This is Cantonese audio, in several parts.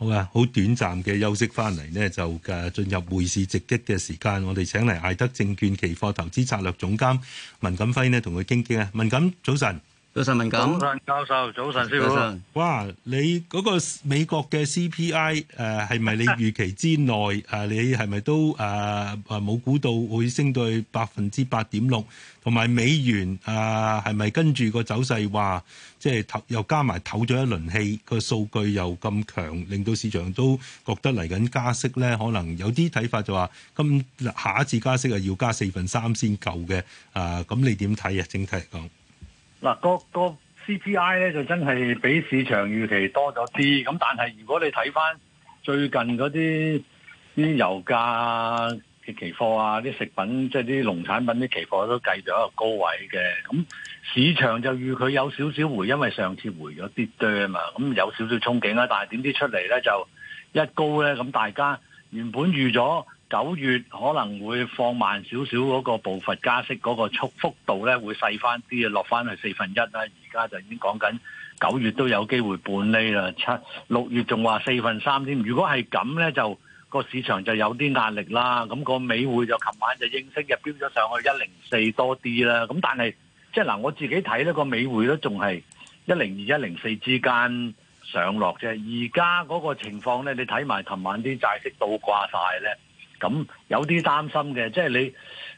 好嘅，好短暫嘅休息返嚟呢，就進入匯市直擊嘅時間。我哋請嚟艾德證券期貨投資策略總監文錦輝呢，同佢傾傾啊。文錦早晨。早晨，文錦。早晨，教授。早晨，師傅。哇，你嗰個美國嘅 CPI，誒、呃，係咪你預期之內？誒、啊啊，你係咪都誒誒冇估到會升到去百分之八點六？同埋美元誒，啊、係咪跟住個走勢話，即係又加埋唞咗一輪氣？個數據又咁強，令到市場都覺得嚟緊加息咧？可能有啲睇法就話，今下一次加息係啊，要加四分三先夠嘅。誒，咁你點睇啊？整體嚟講？嗱，個、嗰個 CPI 咧就真係比市場預期多咗啲，咁但係如果你睇翻最近嗰啲啲油價嘅、啊、期貨啊，啲食品即係啲農產品啲期貨都計咗一個高位嘅，咁市場就預佢有少少回，因為上次回咗啲多啊嘛，咁有少少憧憬啊，但係點知出嚟咧就一高咧，咁大家原本預咗。九月可能會放慢少少嗰個步伐加息嗰個速幅度咧，會細翻啲，落翻去四分一啦。而家就已經講緊九月都有機會半厘啦，七六月仲話四分三添。如果係咁咧，就個市場就有啲壓力啦。咁個美匯就琴晚就應聲就飆咗上去一零四多啲啦。咁但係即嗱，我自己睇呢個美匯都仲係一零二一零四之間上落啫。而家嗰個情況咧，你睇埋琴晚啲債息倒掛晒咧。咁有啲擔心嘅，即係你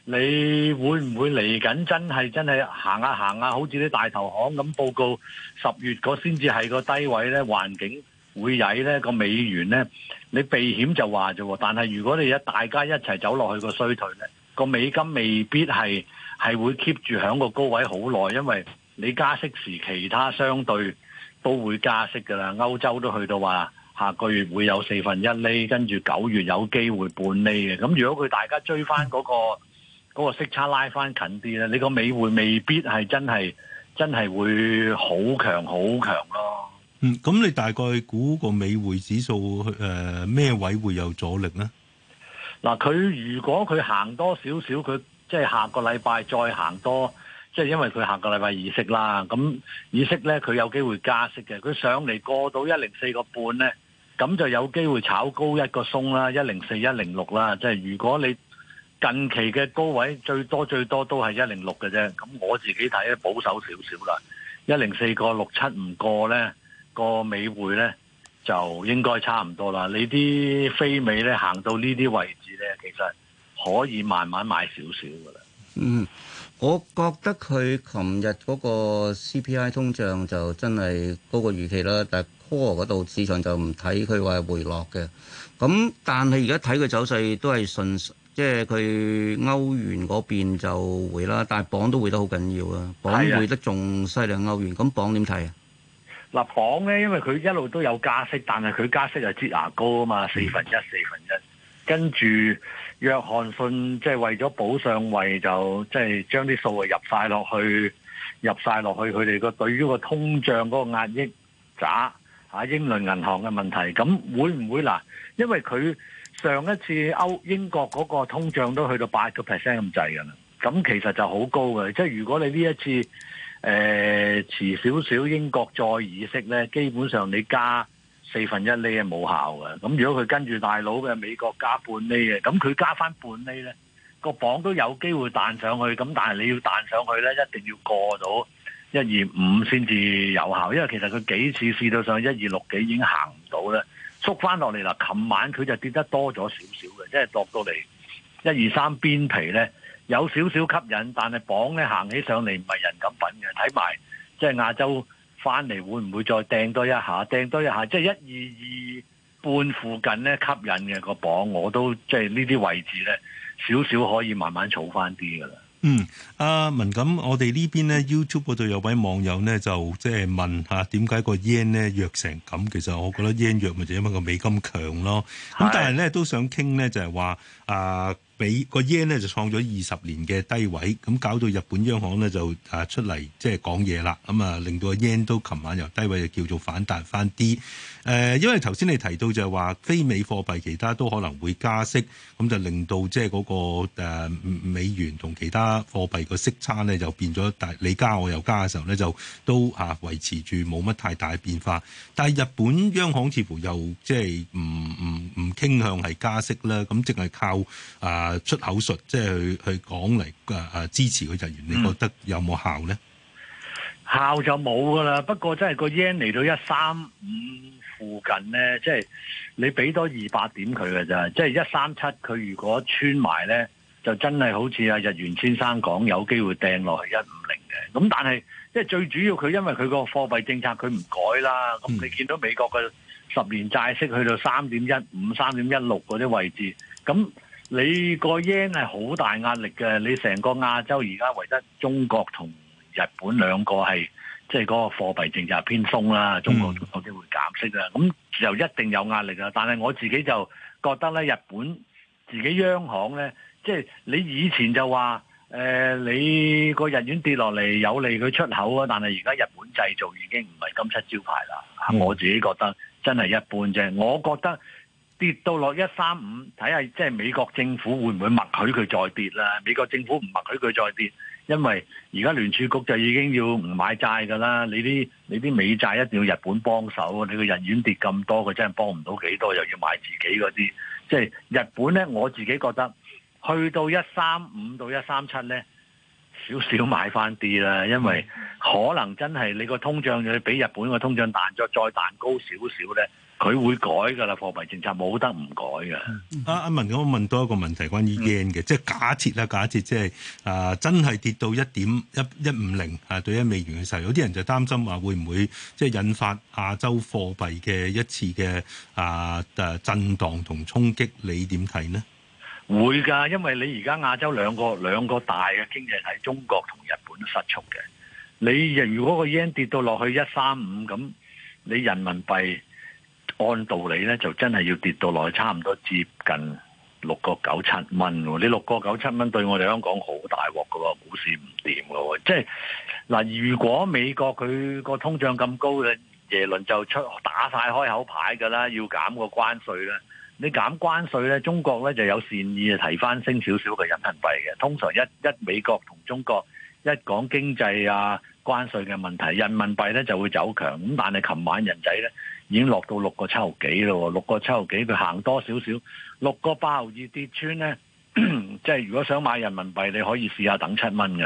你會唔會嚟緊真係真係行下、啊、行下、啊，好似啲大投行咁報告十月嗰先至係個低位咧，環境會曳，咧個美元咧，你避險就話啫喎。但係如果你一大家一齊走落去個衰退咧，個美金未必係係會 keep 住響個高位好耐，因為你加息時其他相對都會加息噶啦，歐洲都去到話。下個月會有四分一厘，跟住九月有機會半厘嘅。咁如果佢大家追翻嗰個嗰個息差拉翻近啲咧，你個美匯未必係真係真係會好強好強咯。嗯，咁你大概估個美匯指數誒咩位會有阻力呢？嗱，佢如果佢行多少少，佢即係下個禮拜再行多，即係因為佢下個禮拜議息啦。咁議息咧，佢有機會加息嘅。佢上嚟過到一零四個半咧。咁就有機會炒高一個鬆啦，一零四一零六啦。即係如果你近期嘅高位最多最多都係一零六嘅啫。咁我自己睇保守少少啦，一零四個六七唔過呢個美匯呢，就應該差唔多啦。你啲非美呢，行到呢啲位置呢，其實可以慢慢買少少噶啦。嗯。我覺得佢琴日嗰個 CPI 通脹就真係高過預期啦，但係 core 嗰度市場就唔睇佢話回落嘅。咁但係而家睇佢走勢都係順，即係佢歐元嗰邊就回啦，但係鎊都回得好緊要榜啊，鎊回得仲犀利歐元。咁鎊點睇啊？嗱，鎊咧，因為佢一路都有加息，但係佢加息就擠牙膏啊嘛，四分一，四分一。跟住，約翰遜即係為咗補上位，就即係將啲數啊，入晒落去，入晒落去佢哋個對於個通脹嗰個壓抑咋吓、啊、英倫銀行嘅問題，咁會唔會嗱？因為佢上一次歐英國嗰個通脹都去到八個 percent 咁滯㗎啦，咁其實就好高嘅。即、就、係、是、如果你呢一次誒、呃、遲少少英國再議息咧，基本上你加。四分一厘係冇效嘅，咁如果佢跟住大佬嘅美國加半厘，加半厘呢嘅，咁佢加翻半厘呢，個鎊都有機會彈上去。咁但係你要彈上去呢，一定要過到一二五先至有效，因為其實佢幾次試到上一二六幾已經行唔到啦，縮翻落嚟啦。琴晚佢就跌得多咗少少嘅，即係落到嚟一二三邊皮呢，有少少吸引，但係鎊呢，行起上嚟唔係人咁品嘅。睇埋即係亞洲。翻嚟會唔會再掟多一下？掟多一下，即係一二二半附近咧，吸引嘅個榜，我都即係呢啲位置咧，少少可以慢慢儲翻啲噶啦。嗯，阿文，咁，我哋呢邊咧 YouTube 嗰度有位網友咧，就即係問下點解個 yen 咧弱成咁？其實我覺得 yen 弱咪就因為個美金強咯。咁但係咧都想傾咧就係話啊。俾個 yen 呢就創咗二十年嘅低位，咁搞到日本央行呢就啊出嚟即係講嘢啦，咁啊令到個 yen 都琴晚由低位就叫做反彈返啲。誒，因為頭先你提到就係話非美貨幣，其他都可能會加息，咁就令到即係嗰個美元同其他貨幣個息差咧，就變咗大。你加我又加嘅時候咧，就都嚇維持住冇乜太大變化。但日本央行似乎又即係唔唔唔傾向係加息啦，咁淨係靠啊出口術即係去去講嚟啊支持佢日元，你覺得有冇效咧、嗯？效就冇噶啦，不過真係個 yen 嚟到一三五。附近呢，即係你俾多二百點佢嘅咋，即係一三七佢如果穿埋呢，就真係好似阿日元先生講，有機會掟落去一五零嘅。咁但係，即係最主要佢因為佢個貨幣政策佢唔改啦，咁你見到美國嘅十年債息去到三點一五、三點一六嗰啲位置，咁你個 yen 係好大壓力嘅。你成個亞洲而家唯得中國同日本兩個係。即係嗰個貨幣政策偏鬆啦，中國仲有機會減息啦。咁、嗯、就一定有壓力啦。但係我自己就覺得咧，日本自己央行咧，即、就、係、是、你以前就話、呃、你個日元跌落嚟有利佢出口啊。但係而家日本製造已經唔係金漆招牌啦、嗯。我自己覺得真係一般啫。我覺得跌到落一三五，睇下即係美國政府會唔會默許佢再跌啦？美國政府唔默許佢再跌。因為而家聯儲局就已經要唔買債噶啦，你啲你啲美債一定要日本幫手啊！你個日元跌咁多，佢真係幫唔到幾多，又要買自己嗰啲。即係日本呢，我自己覺得去到一三五到一三七呢，少少買返啲啦，因為可能真係你個通脹要比日本個通脹彈咗再彈高少少呢。佢會改㗎啦，貨幣政策冇得唔改嘅。啊，阿、啊、文，我問多一個問題關於 yen 嘅，即係假設啦，假設即係啊，真係跌到一點一一五零啊，對一美元嘅時候，有啲人就擔心話會唔會即係引發亞洲貨幣嘅一次嘅啊誒震盪同衝擊，你點睇呢？會㗎，因為你而家亞洲兩個兩個大嘅經濟係中國同日本失速嘅，你如果個 yen 跌到落去一三五咁，你人民幣。按道理咧，就真係要跌到落去差唔多接近六個九七蚊喎。你六個九七蚊對我哋香港好大鑊噶喎，股市唔掂噶喎。即係嗱，如果美國佢個通脹咁高嘅耶倫就出打曬開口牌噶啦，要減個關稅啦。你減關稅咧，中國咧就有善意提翻升少少嘅人民幣嘅。通常一一美國同中國一講經濟啊關稅嘅問題，人民幣咧就會走強。咁但係琴晚人仔咧。已經落到六個七毫幾咯，六個七毫幾佢行多少少，六個八毫二跌穿咧，即係如果想買人民幣，你可以試下等七蚊嘅。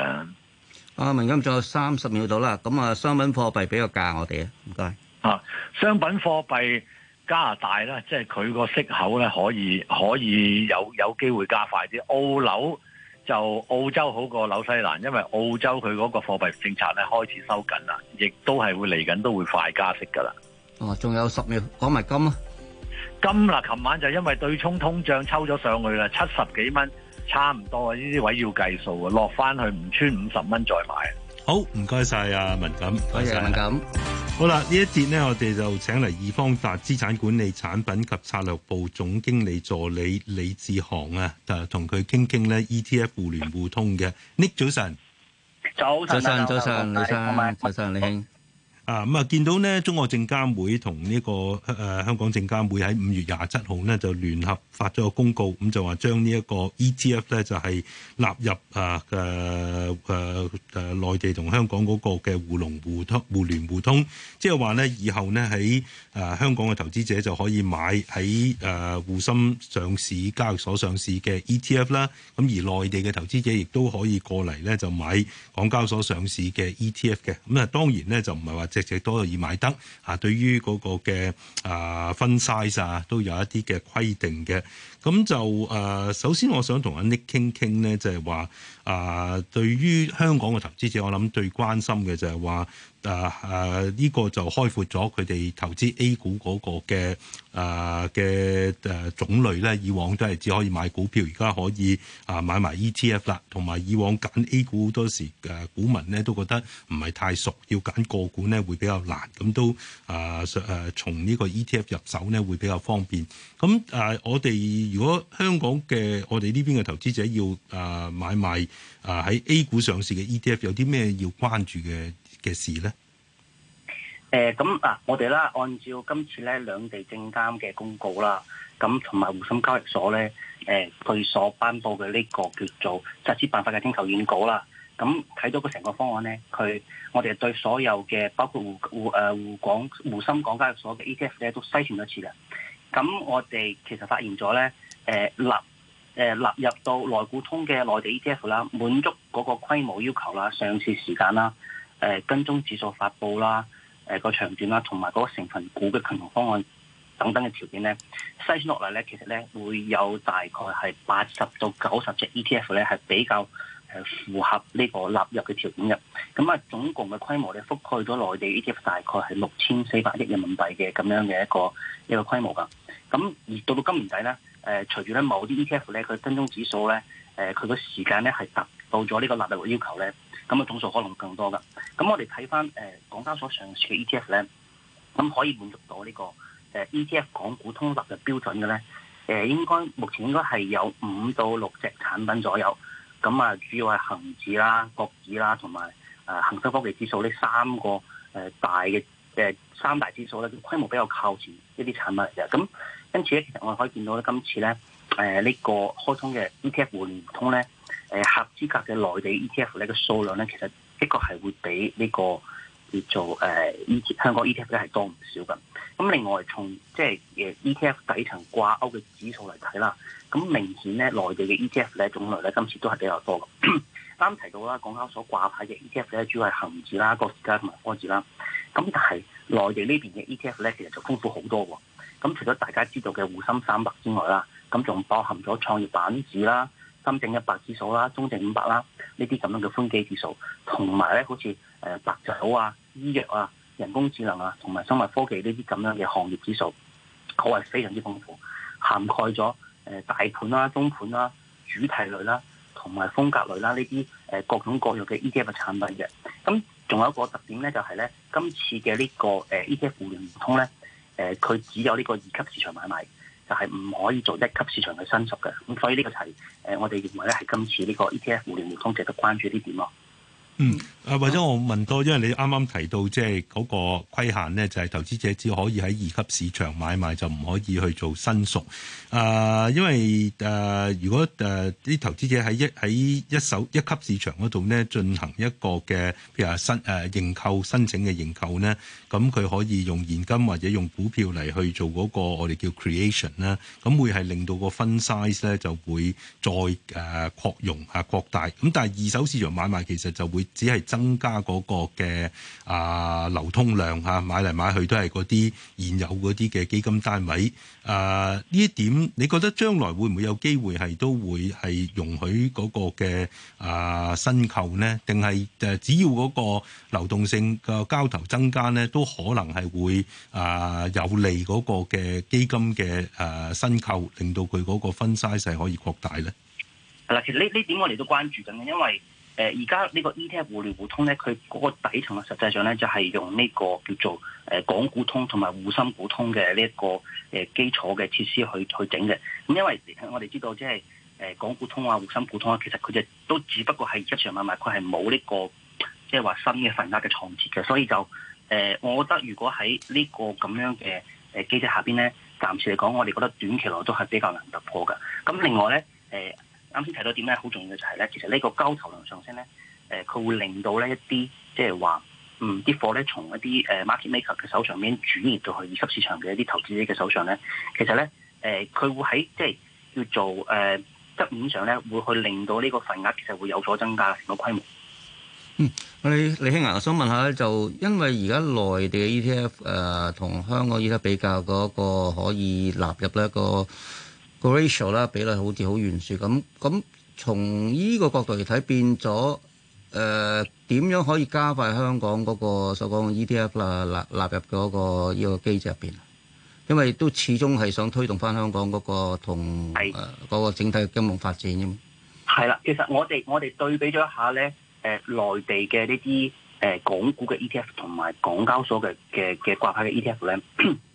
啊，文錦仲有三十秒到啦，咁啊，商品貨幣俾個價我哋啊，唔該。啊，商品貨幣加拿大咧，即係佢個息口咧可以可以有有機會加快啲。澳紐就澳洲好過紐西蘭，因為澳洲佢嗰個貨幣政策咧開始收緊啦，亦都係會嚟緊都會快加息噶啦。哦，仲有十秒講埋金啊！金嗱，琴晚就因為對沖通脹抽咗上去啦，七十幾蚊，差唔多啊！呢啲位要計數啊，落翻去唔穿五十蚊再買。好，唔該晒啊文錦，多謝文錦。好啦，呢一節咧，我哋就請嚟，易方達資產管理產品及策略部總經理助理李致航啊，就，同佢傾傾咧 ETF 互聯互通嘅。Nick 早晨，早晨，早晨，李生，早晨，李兄。啊咁啊，見到咧，中國證監會同呢、這個誒、呃、香港證監會喺五月廿七號咧就聯合發咗個公告，咁就話將呢一個 ETF 咧就係、是、納入啊誒誒誒內地同香港嗰個嘅互融互通互聯互通，即係話咧以後咧喺誒香港嘅投資者就可以買喺誒滬深上市交易所上市嘅 ETF 啦、啊，咁而內地嘅投資者亦都可以過嚟咧就買港交所上市嘅 ETF 嘅，咁啊當然呢就唔係話。隻隻多到而買得啊，對於嗰個嘅啊分 size 啊，都有一啲嘅規定嘅。咁就誒、呃，首先我想同阿 Nick 傾傾咧，就係話啊，對於香港嘅投資者，我諗最關心嘅就係話誒誒呢個就開闊咗佢哋投資 A 股嗰個嘅誒嘅誒種類咧。以往都係只可以買股票，而家可以啊、呃、買埋 ETF 啦。同埋以往揀 A 股好多時誒、呃、股民咧都覺得唔係太熟，要揀個股咧會比較難，咁都誒誒、呃、從呢個 ETF 入手咧會比較方便。咁誒、呃、我哋，如果香港嘅我哋呢邊嘅投資者要啊買賣啊喺 A 股上市嘅 ETF，有啲咩要關注嘅嘅事咧？誒、呃，咁、嗯、啊，我哋啦，按照今次咧兩地證監嘅公告啦，咁同埋滬深交易所咧，誒、呃，佢所頒布嘅呢個叫做實施辦法嘅徵求意見稿啦，咁、嗯、睇到個成個方案咧，佢我哋對所有嘅包括滬誒滬港滬深港交易所嘅 ETF 咧都篩選咗一次嘅，咁、嗯、我哋其實發現咗咧。誒、呃呃呃、立誒納入到內股通嘅內地 ETF 啦，滿足嗰個規模要求啦、上市時間啦、誒、呃、跟蹤指數發布啦、誒、呃、個長短啦，同埋嗰成份股嘅平衡方案等等嘅條件咧，篩選落嚟咧，其實咧會有大概係八十到九十隻 ETF 咧係比較誒符合呢個納入嘅條件嘅。咁啊，總共嘅規模咧覆蓋咗內地的 ETF 大概係六千四百億人民幣嘅咁樣嘅一個一、這個規模㗎。咁而到到今年底咧。誒隨住咧某啲 ETF 咧，佢跟蹤指數咧，佢個時間咧係達到咗呢個納入嘅要求咧，咁啊總數可能更多噶。咁我哋睇翻誒港交所上市嘅 ETF 咧，咁可以滿足到呢個 ETF 港股通納入標準嘅咧，誒應該目前應該係有五到六隻產品左右。咁啊，主要係恒指啦、國指啦，同埋誒恆生科技指數呢三個大嘅誒三大指數咧，規模比較靠前一啲產品嚟嘅咁。因此咧，其實我哋可以見到咧，今次咧，誒、呃、呢、這個開通嘅 ETF 聯通咧，誒合資格嘅內地 ETF 咧嘅數量咧，其實的確係會比呢、這個叫、呃、做誒、呃、香港 ETF 咧係多唔少嘅。咁、嗯、另外從即係誒 ETF 底層掛鈎嘅指數嚟睇啦，咁、嗯、明顯咧內地嘅 ETF 咧種類咧今次都係比較多嘅。啱 提到啦，港交所掛牌嘅 ETF 咧主要係恆指啦、個股啦同埋科技啦，咁、嗯、但係內地這邊的呢邊嘅 ETF 咧其實就豐富好多喎。咁除咗大家知道嘅滬深三百之外啦，咁仲包含咗創業板指啦、深證一百指數啦、中證五百啦呢啲咁樣嘅寬基指數，同埋咧好似誒白酒啊、醫藥啊、人工智能啊，同埋生物科技呢啲咁樣嘅行業指數，可謂非常之豐富，涵蓋咗誒大盤啦、中盤啦、主題類啦、同埋風格類啦呢啲誒各種各樣嘅 ETF 的產品嘅。咁仲有一個特點咧、就是，就係咧今次嘅呢個 ETF 互聯互通咧。誒，佢只有呢個二級市場買賣，就係唔可以做一級市場嘅申贖嘅，咁所以呢個就係誒，我哋認為咧，係今次呢個 ETF 互聯互通值得關注呢點咯。嗯，誒或者我問多，因為你啱啱提到即係嗰個規限咧，就係、是、投資者只可以喺二級市場買賣就唔可以去做申贖。誒、呃，因為誒、呃、如果誒啲、呃、投資者喺一喺一手一級市場嗰度咧進行一個嘅譬如話申誒認購申請嘅認購咧，咁佢可以用現金或者用股票嚟去做嗰、那個我哋叫 creation 啦，咁會係令到個 fund size 咧就會再誒擴、呃、容啊擴大。咁但係二手市場買賣其實就會。只係增加嗰個嘅啊流通量，吓，買嚟買去都係嗰啲現有嗰啲嘅基金單位。啊呢一點，你覺得將來會唔會有機會係都會係容許嗰個嘅啊申購呢？定係誒只要嗰個流動性嘅交投增加呢，都可能係會啊有利嗰個嘅基金嘅啊申購，令到佢嗰個分 size 可以擴大呢？係啦，其實呢呢點我哋都關注緊嘅，因為誒而家呢個 ETF 互聯互通咧，佢嗰個底層啊，實際上咧就係用呢個叫做誒港股通同埋滬深股通嘅呢一個誒基礎嘅設施去去整嘅。咁因為我哋知道，即係誒港股通啊、滬深股通啊，其實佢哋都只不過係一場買賣，佢係冇呢個即係話新嘅份額嘅創設嘅，所以就誒、呃，我覺得如果喺呢個咁樣嘅誒機制下邊咧，暫時嚟講，我哋覺得短期內都係比較難突破嘅。咁另外咧，誒、呃。啱先提到點咧，好重要嘅就係咧，其實呢個交投量上升咧，誒，佢會令到咧一啲，即係話，嗯，啲貨咧從一啲誒 market maker 嘅手上面轉移到去二級市場嘅一啲投資者嘅手上咧，其實咧，誒，佢會喺即係叫做誒側面上咧，會去令到呢個份額其實會有所增加成個規模。嗯，李李興呀，我想問下咧，就因為而家內地嘅 ETF 誒、呃、同香港嘅 ETF 比較嗰個可以納入咧個。個 ratio 啦，比例好似好懸殊咁。咁從依個角度嚟睇，變咗誒點樣可以加快香港嗰、那個所講嘅 ETF 啦納納入嗰、那個呢、這個機制入邊？因為都始終係想推動翻香港嗰、那個同嗰、呃那個整體金融發展啫嘛。係啦，其實我哋我哋對比咗一下咧，誒、呃、內地嘅呢啲港股嘅 ETF 同埋港交所嘅嘅嘅掛牌嘅 ETF 咧。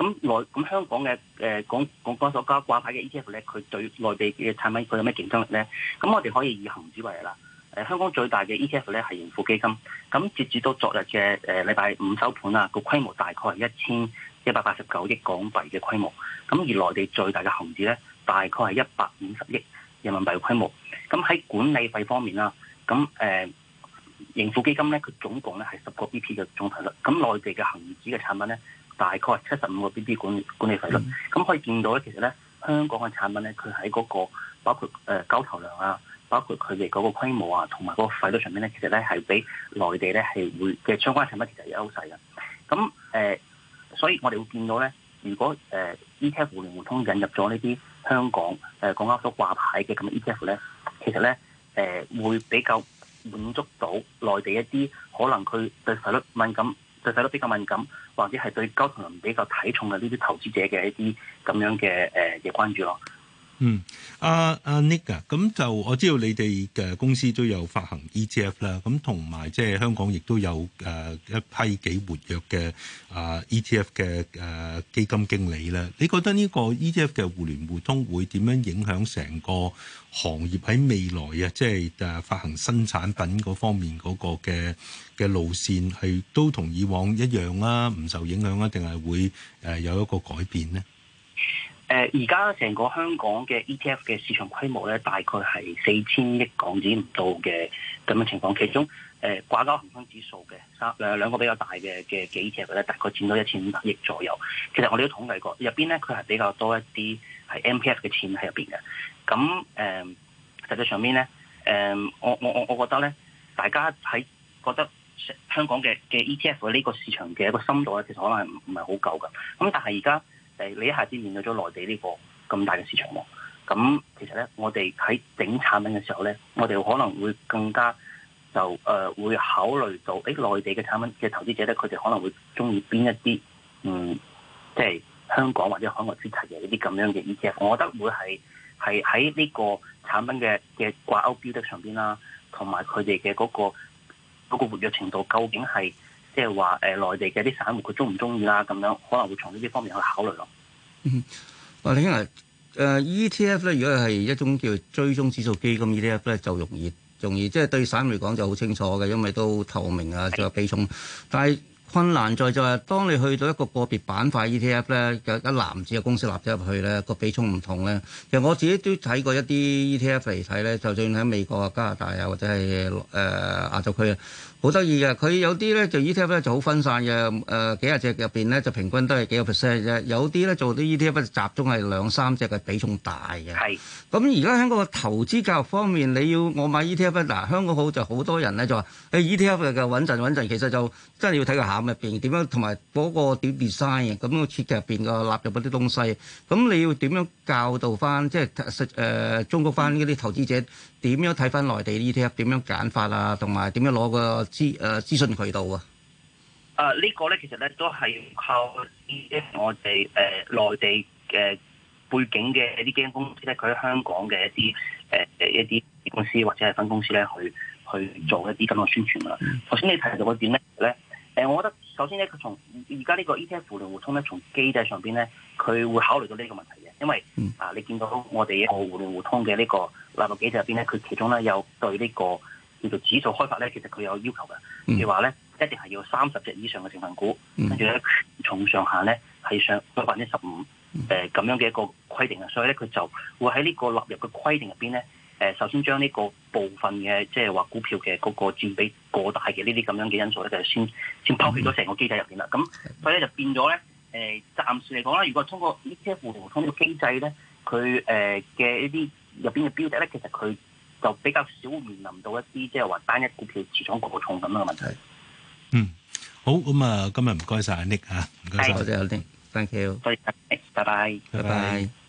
咁咁香港嘅誒港交所掛掛牌嘅 ETF 咧，佢對內地嘅產品佢有咩競爭力咧？咁我哋可以以恒指為例啦。誒、呃、香港最大嘅 ETF 咧係盈富基金，咁截止到昨日嘅、呃、禮拜五收盤啊，個規模大概係一千一百八十九億港幣嘅規模。咁而內地最大嘅恒指咧，大概係一百五十億人民幣嘅規模。咁喺管理費方面啦，咁誒、呃、盈富基金咧，佢總共咧係十個 BP 嘅總費率。咁內地嘅恒指嘅產品咧。大概七十五個 B P 管管理費率，咁可以見到咧，其實咧香港嘅產品咧，佢喺嗰個包括誒、呃、交投量啊，包括佢哋嗰個規模啊，同埋個費率上面咧，其實咧係比內地咧係會嘅相關產品其實有優勢嘅。咁誒、呃，所以我哋會見到咧，如果誒、呃、E T F 互聯互通引入咗呢啲香港誒、呃、港交所掛牌嘅咁嘅 E T F 咧，其實咧誒、呃、會比較滿足到內地一啲可能佢對費率敏感。對細粒比較敏感，或者係對交投量比較睇重嘅呢啲投資者嘅一啲咁樣嘅誒嘅關注咯。嗯，阿阿 Nick 咁就我知道你哋嘅公司都有發行 ETF 啦，咁同埋即係香港亦都有誒一批幾活躍嘅啊 ETF 嘅誒基金經理啦。你覺得呢個 ETF 嘅互聯互通會點樣影響成個行業喺未來啊？即係誒發行新產品嗰方面嗰個嘅嘅路線係都同以往一樣啦，唔受影響啊？定係會誒有一個改變咧？誒而家成個香港嘅 ETF 嘅市場規模咧，大概係四千億港紙唔到嘅咁嘅情況。其中誒掛鈎恒生指數嘅三誒兩個比較大嘅嘅幾隻咧，大概佔到一千五百億左右。其實我哋都統計過，入邊咧佢係比較多一啲係 MPF 嘅錢喺入邊嘅。咁誒、呃、實際上邊咧誒我我我我覺得咧，大家喺覺得香港嘅嘅 ETF 呢個市場嘅一個深度咧，其實可能唔唔係好夠㗎。咁但係而家。誒，你一下子面對咗內地呢個咁大嘅市場喎，咁其實咧，我哋喺整產品嘅時候咧，我哋可能會更加就誒、呃、會考慮到誒內地嘅產品嘅投資者咧，佢哋可能會中意邊一啲嗯，即係香港或者海外資產嘅呢啲咁樣嘅，而且我覺得會係係喺呢個產品嘅嘅掛鈎標的上邊啦，同埋佢哋嘅嗰個嗰個活躍程度究竟係。即係話誒內地嘅啲散戶佢中唔中意啦，咁樣可能會從呢啲方面去考慮咯。嗯，我聽下誒 ETF 咧，如果係一種叫追蹤指數基金，ETF 咧就容易容易，即係對散戶嚟講就好清楚嘅，因為都透明啊，仲有比重。但係困難在就係、是、當你去到一個個別板塊 ETF 咧，有一籃子嘅公司納咗入去咧，個比重唔同咧。其實我自己都睇過一啲 ETF 嚟睇咧，就算喺美國啊、加拿大啊或者係誒、呃、亞洲區啊。好得意嘅，佢有啲咧就 ETF 咧就好分散嘅，誒、呃、幾廿隻入面咧就平均都係幾個 percent 啫。有啲咧做啲 ETF 集中係兩三隻嘅比重大嘅。係。咁而家香港個投資教育方面，你要我買 ETF 嗱、啊，香港好就好多人咧就話，誒、欸、ETF 嘅穩陣穩陣，其實就真係要睇個餡入面點樣，同埋嗰個點 design 嘅，咁個設計入面嘅納入嗰啲東西。咁你要點樣教導翻，即係誒、呃、中國翻呢啲投資者？點樣睇翻內地 ETF 點樣揀法啊？同埋點樣攞個資誒、呃、資訊渠道啊？啊、呢個、呢個咧其實咧都係靠 ETF。我哋誒內地嘅、呃、背景嘅一啲基金公司咧，佢喺香港嘅一啲誒誒一啲公司或者係分公司咧去去做一啲咁嘅宣傳啦。頭、嗯、先你提到嗰點咧，誒，我覺得首先咧，佢從而家呢個 ETF 互聯互通咧，從機制上邊咧，佢會考慮到呢個問題嘅，因為啊，你見到我哋一個互聯互通嘅呢、呢個。納入機制入邊咧，佢其中咧有對呢、這個叫做指數開發咧，其實佢有要求嘅，佢話咧一定係要三十隻以上嘅成分股，跟住咧權重上限咧係上百分之十五，誒咁、呃、樣嘅一個規定啊。所以咧，佢就會喺呢個納入嘅規定入邊咧，首先將呢個部分嘅即係話股票嘅嗰個佔比過大嘅呢啲咁樣嘅因素咧，就先先拋棄咗成個機制入邊啦。咁、嗯、所以咧就變咗咧，誒、呃、暫時嚟講啦，如果通過呢啲互聯互通嘅機制咧，佢嘅、呃、一啲。入邊嘅標的咧，其實佢就比較少面臨到一啲即係話單一股票持倉過重咁樣嘅問題。嗯，好，咁啊，今日唔該晒阿 Nick 啊，唔該晒。多謝阿 Nick，Thank you，拜拜，拜拜。Bye bye. Bye bye.